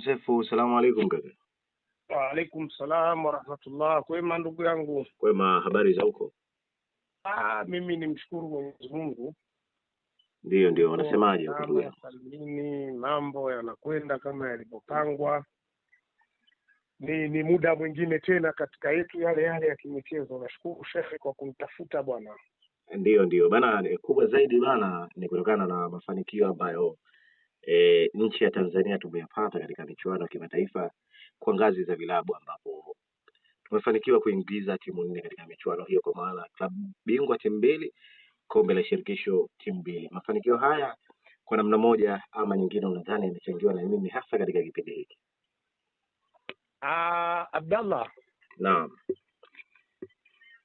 Msefu, salamu alaikum kaka. Waalaikum salam warahmatullah. Kwema ndugu yangu? Kwema, habari za huko? Ah, mimi mshukuru Mwenyezi Mungu. Ndiyo, ndiyo, wanasemaje huko Salimini, mambo yanakwenda kama yalivyopangwa. Ni ni muda mwingine tena katika yetu yale yale ya kimichezo. Nashukuru shekhe kwa kunitafuta bwana. Ndiyo, ndiyo bana, eh, kubwa zaidi bana ni kutokana na mafanikio ambayo e, nchi ya Tanzania tumeyapata katika michuano ya kimataifa kwa ngazi za vilabu ambapo tumefanikiwa kuingiza timu nne katika michuano hiyo, kwa maana klabu bingwa timu mbili, kombe la shirikisho timu mbili. Mafanikio haya kwa namna moja ama nyingine, unadhani yamechangiwa na nini hasa katika kipindi hiki? Uh, Abdallah, naam.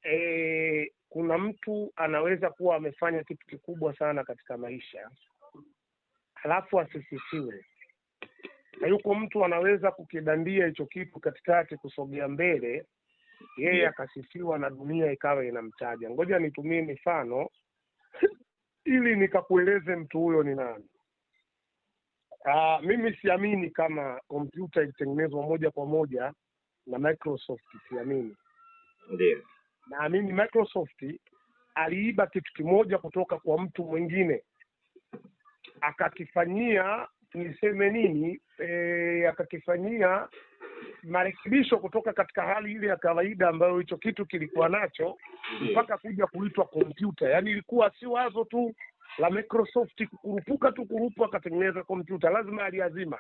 E, kuna mtu anaweza kuwa amefanya kitu kikubwa sana katika maisha halafu asisifiwe Na yuko mtu anaweza kukidandia hicho kitu katikati, kusogea mbele, yeye akasifiwa na dunia ikawa inamtaja. Ngoja nitumie mifano ili nikakueleze mtu huyo ni nani. Aa, ah, mimi siamini kama kompyuta ilitengenezwa moja kwa moja na Microsoft, siamini. Ndiyo. Naamini Microsoft aliiba kitu kimoja kutoka kwa mtu mwingine akakifanyia niseme nini e, akakifanyia marekebisho kutoka katika hali ile ya kawaida ambayo hicho kitu kilikuwa nacho mpaka kuja kuitwa kompyuta. Yaani ilikuwa si wazo tu la Microsoft kukurupuka tu kurupu akatengeneza kompyuta, lazima aliazima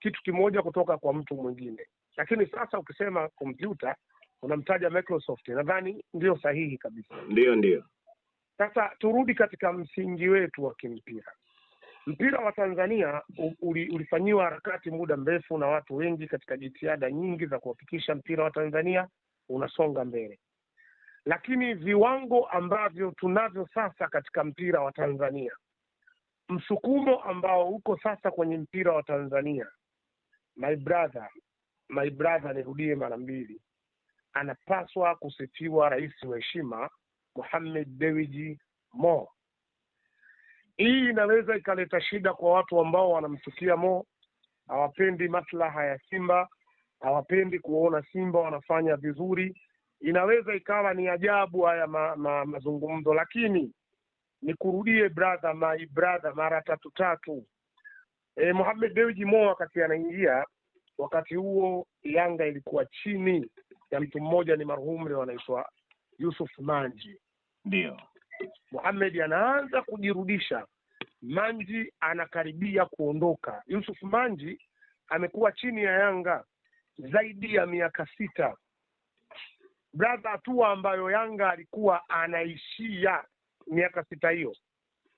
kitu kimoja kutoka kwa mtu mwingine. Lakini sasa ukisema kompyuta unamtaja Microsoft, nadhani ndio sahihi kabisa. Ndio, ndio. Sasa turudi katika msingi wetu wa kimpira Mpira wa Tanzania ulifanyiwa harakati muda mrefu na watu wengi katika jitihada nyingi za kuhakikisha mpira wa Tanzania unasonga mbele, lakini viwango ambavyo tunavyo sasa katika mpira wa Tanzania, msukumo ambao uko sasa kwenye mpira wa Tanzania, my brother, my brother, nirudie mara mbili, anapaswa kusifiwa rais wa heshima Mohamed Dewji Mo hii inaweza ikaleta shida kwa watu ambao wanamchukia Mo, hawapendi maslaha ya Simba, hawapendi kuona Simba wanafanya vizuri. Inaweza ikawa ni ajabu haya ma, ma, mazungumzo, lakini nikurudie brother, my brother, mara tatu tatu. E, Mohamed Dewji Mo wakati anaingia, wakati huo Yanga ilikuwa chini ya mtu mmoja, ni marhumu leo anaitwa Yusuf Manji, ndio Mohamed anaanza kujirudisha Manji anakaribia kuondoka. Yusuf Manji amekuwa chini ya Yanga zaidi ya miaka sita, bradha, hatua ambayo Yanga alikuwa anaishia miaka sita hiyo,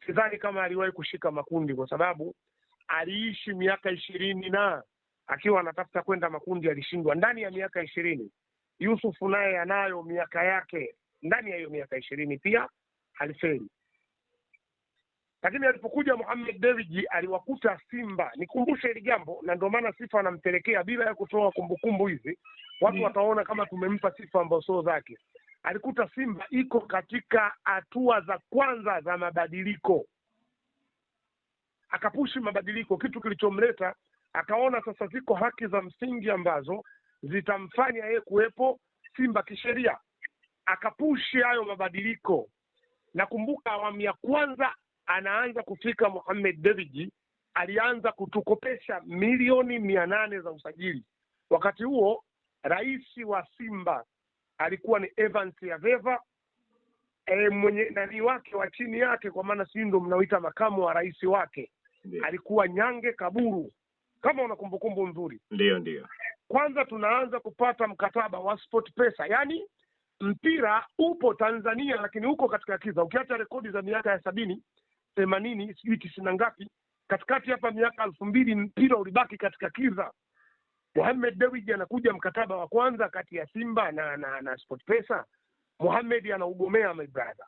sidhani kama aliwahi kushika makundi, kwa sababu aliishi miaka ishirini na akiwa anatafuta kwenda makundi alishindwa. Ndani ya miaka ishirini Yusuf naye anayo miaka yake, ndani ya hiyo miaka ishirini pia alifeli lakini alipokuja Mohamed Dewji aliwakuta Simba. Nikumbushe hili jambo, na ndio maana sifa anampelekea bila ya kutoa kumbukumbu hizi, watu mm. wataona kama tumempa sifa ambazo sio zake. Alikuta Simba iko katika hatua za kwanza za mabadiliko, akapushi mabadiliko, kitu kilichomleta akaona sasa ziko haki za msingi ambazo zitamfanya yeye kuwepo Simba kisheria, akapushi hayo mabadiliko. Nakumbuka awamu ya kwanza anaanza kufika Mohamed Dewji alianza kutukopesha milioni mia nane za usajili. Wakati huo rais wa Simba alikuwa ni Evans Yaveva, e, mwenye nani wake wa chini yake, kwa maana sijui ndo mnaoita makamu wa rais wake ndiyo. alikuwa Nyange Kaburu, kama una kumbukumbu nzuri. Ndio, ndio. Kwanza tunaanza kupata mkataba wa Sport Pesa, yaani mpira upo Tanzania, lakini uko katika kiza. Ukiacha rekodi za miaka ya sabini themanini sijui tisini na ngapi, katikati hapa miaka elfu mbili mpira ulibaki katika kiza. Mohamed dewiji anakuja mkataba wa kwanza kati ya Simba na na, na SportPesa. Mohamed anaugomea my brother,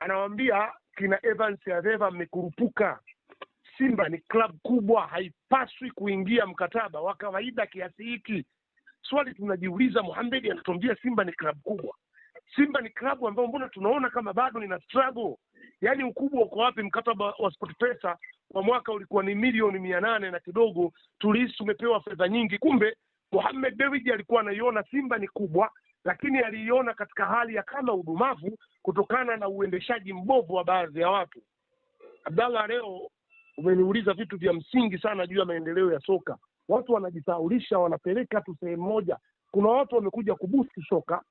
anawambia kina Evans Aveva, mmekurupuka. Simba ni klabu kubwa, haipaswi kuingia mkataba wa kawaida kiasi hiki. Swali tunajiuliza, Mohamed anatuambia Simba ni klabu kubwa, Simba ni klabu ambayo mbona tunaona kama bado nina struggle. Yaani ukubwa uko wapi? Mkataba wa SportPesa kwa mwaka ulikuwa ni milioni mia nane na kidogo, tulisi tumepewa fedha nyingi, kumbe Mohamed Dewji alikuwa anaiona Simba ni kubwa, lakini aliiona katika hali ya kama udumavu kutokana na uendeshaji mbovu wa baadhi ya watu. Abdallah, leo umeniuliza vitu vya msingi sana juu ya maendeleo ya soka. Watu wanajisaulisha wanapeleka tu sehemu moja. Kuna watu wamekuja kubusti soka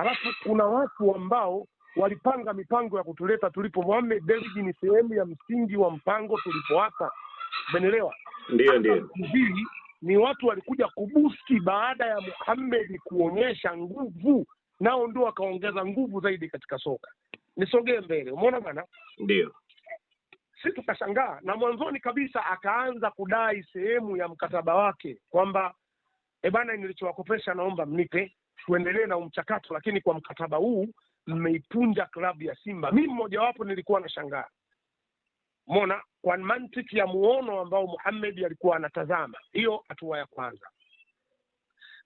Alafu kuna watu ambao walipanga mipango ya kutuleta tulipo. Mohamed Dewji ni sehemu ya msingi wa mpango tulipo hasa, umeelewa? Ndio, ndio ni watu walikuja kubusti baada ya Muhammad kuonyesha nguvu, nao ndio wakaongeza nguvu zaidi katika soka. Nisogee mbele, umeona bwana? Ndio si tukashangaa, na mwanzoni kabisa akaanza kudai sehemu ya mkataba wake kwamba e eh bana, nilichowakopesha naomba mnipe tuendelee na mchakato, lakini kwa mkataba huu mmeipunja klabu ya Simba. Mi mmojawapo nilikuwa nashangaa, mona kwa mantiki ya muono ambao muhamedi alikuwa anatazama. Hiyo hatua ya kwanza.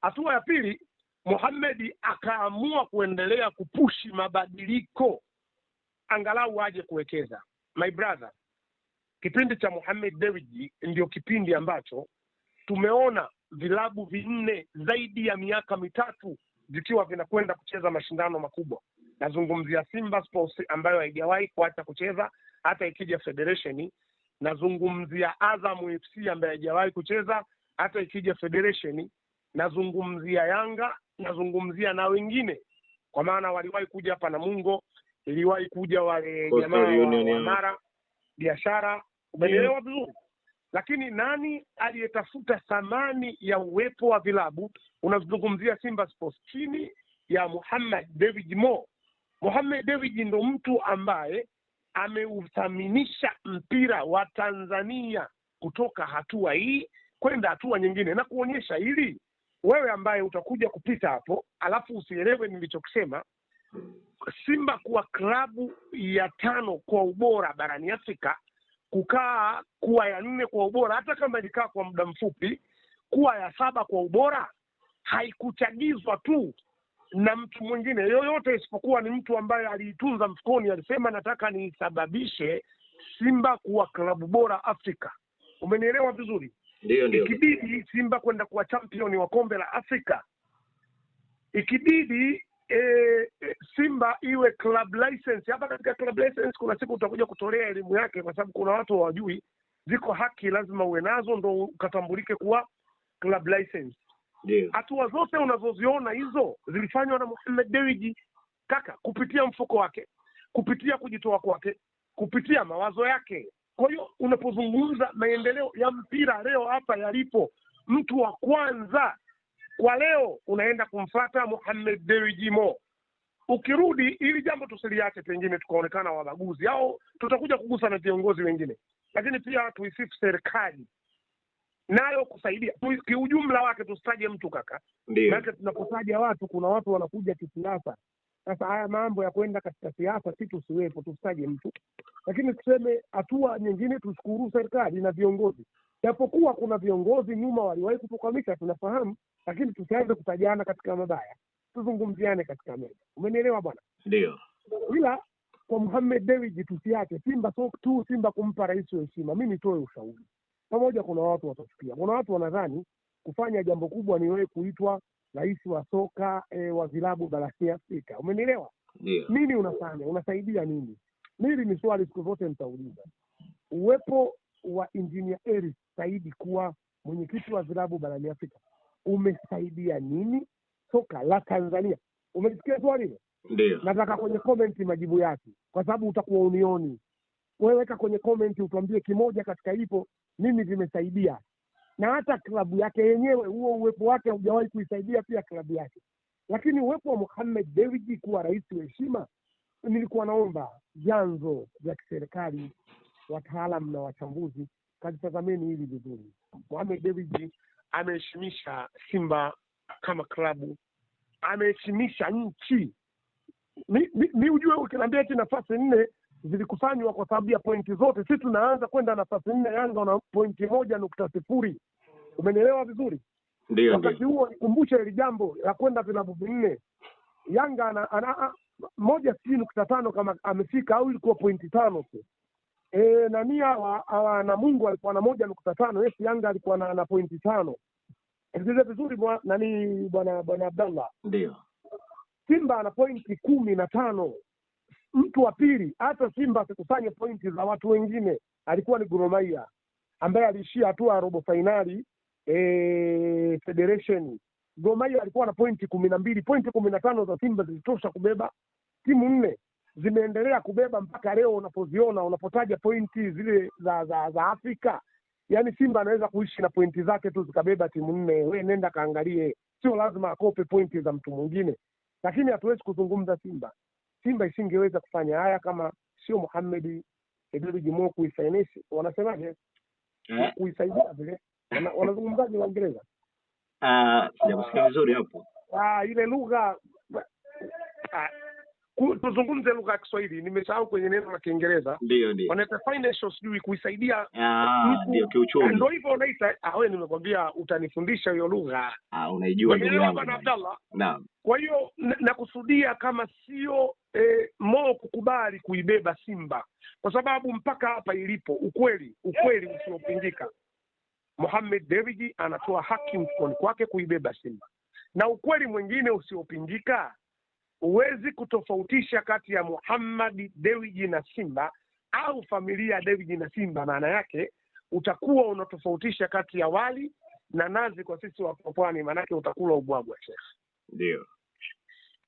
Hatua ya pili, muhamedi akaamua kuendelea kupushi mabadiliko, angalau aje kuwekeza. My brother, kipindi cha muhamed Dewji ndio kipindi ambacho tumeona vilabu vinne zaidi ya miaka mitatu vikiwa vinakwenda kucheza mashindano makubwa. Nazungumzia Simba Sports ambayo haijawahi kuacha kucheza hata ikija federation. Nazungumzia Azam FC ambayo haijawahi kucheza hata ikija federation. Nazungumzia Yanga, nazungumzia na wengine, kwa maana waliwahi kuja hapa Namungo, iliwahi kuja wale jamaa wa Mara biashara. Umeelewa vizuri? Lakini nani aliyetafuta thamani ya uwepo wa vilabu? Unazungumzia Simba Sports chini ya Muhammad David Mo. Muhammad David ndo mtu ambaye ameuthaminisha mpira wa Tanzania kutoka hatua hii kwenda hatua nyingine, na kuonyesha hili wewe ambaye utakuja kupita hapo alafu usielewe nilichokisema. Simba kuwa klabu ya tano kwa ubora barani Afrika kukaa kuwa ya nne kwa ubora, hata kama ilikaa kwa muda mfupi, kuwa ya saba kwa ubora haikuchagizwa tu na mtu mwingine yoyote isipokuwa ni mtu ambaye aliitunza mfukoni. Alisema nataka niisababishe Simba kuwa klabu bora Afrika. Umenielewa vizuri? Ndio, ndio. Ikibidi Simba kwenda kuwa champion wa kombe la Afrika, ikibidi E, e, Simba iwe club license. Hapa katika club license kuna siku utakuja kutolea elimu yake, kwa sababu kuna watu hawajui ziko haki lazima uwe nazo ndo ukatambulike kuwa club license. Hatua zote unazoziona hizo zilifanywa na Mohamed Dewji kaka, kupitia mfuko wake, kupitia kujitoa kwake, kupitia mawazo yake. Kwa hiyo unapozungumza maendeleo ya mpira leo hapa yalipo, mtu wa kwanza kwa leo unaenda kumfata Mohamed Dewi Ukirudi ili jambo tusiliache, pengine tukaonekana wabaguzi, au tutakuja kugusa na viongozi wengine, lakini pia tuisifu serikali nayo kusaidia kiujumla wake, tusitaje mtu kaka, maanake tunapotaja watu kuna watu wanakuja kisiasa. Sasa haya mambo ya kwenda katika siasa si tusiwepo, tusitaje mtu, lakini tuseme hatua nyingine, tushukuru serikali na viongozi, japokuwa kuna viongozi nyuma waliwahi kutukamisha, tunafahamu lakini tusianze kutajana katika mabaya, tuzungumziane katika mema. Umenielewa bwana? Ndio. Ila kwa Mohamed Dewji tusiache Simba so, tu Simba kumpa rais wa heshima. Mi nitoe ushauri pamoja, kuna watu watachukia, kuna watu wanadhani kufanya jambo kubwa ni wewe kuitwa rais wa soka e, wa vilabu barani Afrika. Umenielewa? Yeah. Nini unafanya? Unasaidia nini? Mimi ni swali siku zote nitauliza. Uwepo wa Engineer Eric Said kuwa mwenyekiti wa vilabu barani Afrika umesaidia nini soka la Tanzania? Umelisikia swali hilo? Ndio nataka kwenye komenti majibu yake, kwa sababu utakuwa unioni weweka kwenye komenti, utuambie kimoja katika hipo mimi vimesaidia, na hata klabu yake yenyewe, huo uwepo wake haujawahi kuisaidia pia klabu yake, lakini uwepo wa Mohamed dewiji kuwa rais wa heshima, nilikuwa naomba vyanzo vya kiserikali, wataalam na wachambuzi, kazitazameni hili vizuri. Mohamed Dewji ameheshimisha Simba kama klabu, ameheshimisha nchi. Mi, ujue, ukiniambia eti nafasi nne zilikufanywa kwa sababu ya pointi zote, si tunaanza kwenda nafasi nne, Yanga na pointi moja nukta sifuri. Umenielewa vizuri? wakati huo nikumbushe hili jambo la kwenda vilabu vinne. Yanga ana, ana, moja sijui nukta tano kama amefika au ilikuwa pointi tano tu e, nani hawa na Mungu alikuwa na moja nukta tano yes, Yanga alikuwa na, na pointi tano. Sikilize vizuri bwa, nani bwana bwana Abdallah, ndio Simba ana pointi kumi na tano. Mtu wa pili hata Simba asikusanye pointi za watu wengine alikuwa ni Goromaia ambaye aliishia hatua ya robo fainali e, Federation. Goromaia alikuwa na pointi kumi na mbili. Pointi kumi na tano za Simba zilitosha kubeba timu nne zimeendelea kubeba mpaka leo unapoziona, unapotaja pointi zile za za, za Afrika. Yaani Simba anaweza kuishi na pointi zake tu zikabeba timu nne. We nenda kaangalie, sio lazima akope pointi za mtu mwingine. Lakini hatuwezi kuzungumza Simba, Simba isingeweza kufanya haya kama sio Muhamedi Dewji Jimo kuifainisi, wanasemaje eh? kuisaidia vile wanazungumzaji Waingereza? Ah, sijakusikia vizuri hapo, ah, ile lugha ah, tuzungumze lugha ya Kiswahili, nimesahau kwenye neno la Kiingereza, ndio ndio wanaita financial, sijui kuisaidia, ah, ndio kiuchumi, ndio hivyo wanaita. Awe ah, nimekwambia utanifundisha hiyo lugha, ah, unaijua ndugu Abdallah. Naam, kwa hiyo nakusudia kama sio e, Mo kukubali kuibeba Simba kwa sababu mpaka hapa ilipo, ukweli ukweli usiopingika, Mohamed Dewji anatoa haki mfukoni kwake kuibeba Simba, na ukweli mwingine usiopingika huwezi kutofautisha kati ya Muhammad dewiji na Simba au familia ya Dewji na Simba. Maana yake utakuwa unatofautisha kati ya wali na nazi kwa sisi wa Pwani, maanake utakula ubwagwa Sheikh. Ndio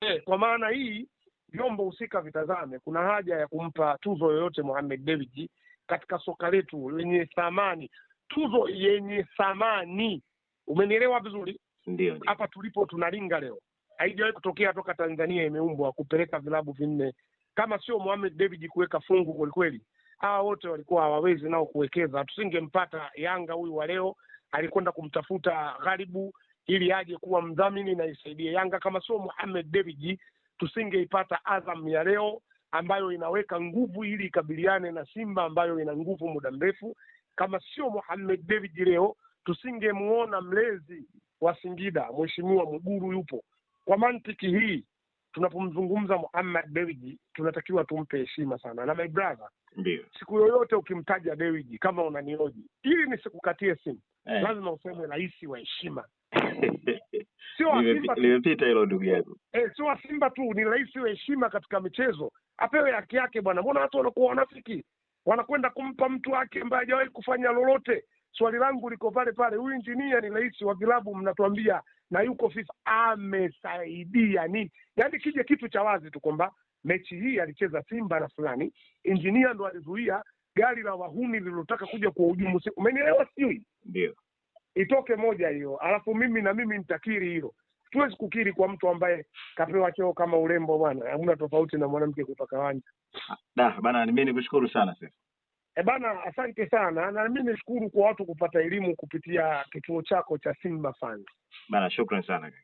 eh, kwa maana hii vyombo husika vitazame, kuna haja ya kumpa tuzo yoyote Muhammad dewiji katika soka letu lenye thamani, tuzo yenye thamani. Umenielewa vizuri? Ndio, hapa tulipo tunalinga leo haijawahi kutokea toka Tanzania imeumbwa kupeleka vilabu vinne, kama sio Mohamed David kuweka fungu kwelikweli, hawa wote walikuwa hawawezi nao kuwekeza. Tusingempata Yanga huyu wa leo, alikwenda kumtafuta Gharibu ili aje kuwa mdhamini na isaidie Yanga. Kama sio Mohamed David, tusingeipata Azam ya leo ambayo inaweka nguvu ili ikabiliane na Simba ambayo ina nguvu muda mrefu. Kama sio Mohamed David leo, tusingemuona mlezi wa Singida Mheshimiwa Mwigulu yupo kwa mantiki hii tunapomzungumza Muhammad Dewji tunatakiwa tumpe heshima sana, na my brother, ndio siku yoyote ukimtaja Dewji kama unanioji ili nisikukatie simu eh, lazima useme rais wa heshima sio wa Simba tu, hilo ndugu yangu eh, sio wa Simba tu, ni rais wa heshima katika michezo, apewe haki yake bwana. Mbona watu wanakuwa wanafiki, wanakwenda kumpa mtu wake ambaye hajawahi kufanya lolote? Swali langu liko pale pale, huyu injinia ni rais wa vilabu, mnatuambia na yuko FIFA amesaidia nini? Yaani kije kitu cha wazi tu kwamba mechi hii alicheza Simba na fulani, injinia ndo alizuia gari la wahuni lililotaka kuja kwa hujumu. Umenielewa? Sijui ndio itoke moja hiyo, alafu mimi na mimi nitakiri hilo. Tuwezi kukiri kwa mtu ambaye kapewa cheo kama urembo bwana, hamna tofauti na mwanamke kupaka wanja. Ah, da bana, mimi nikushukuru sana sasa. E bana, asante sana, na mimi nishukuru kwa watu kupata elimu kupitia kituo chako cha Simba Fans. Bana, shukrani sana kaka.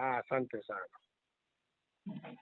Ah, asante sana.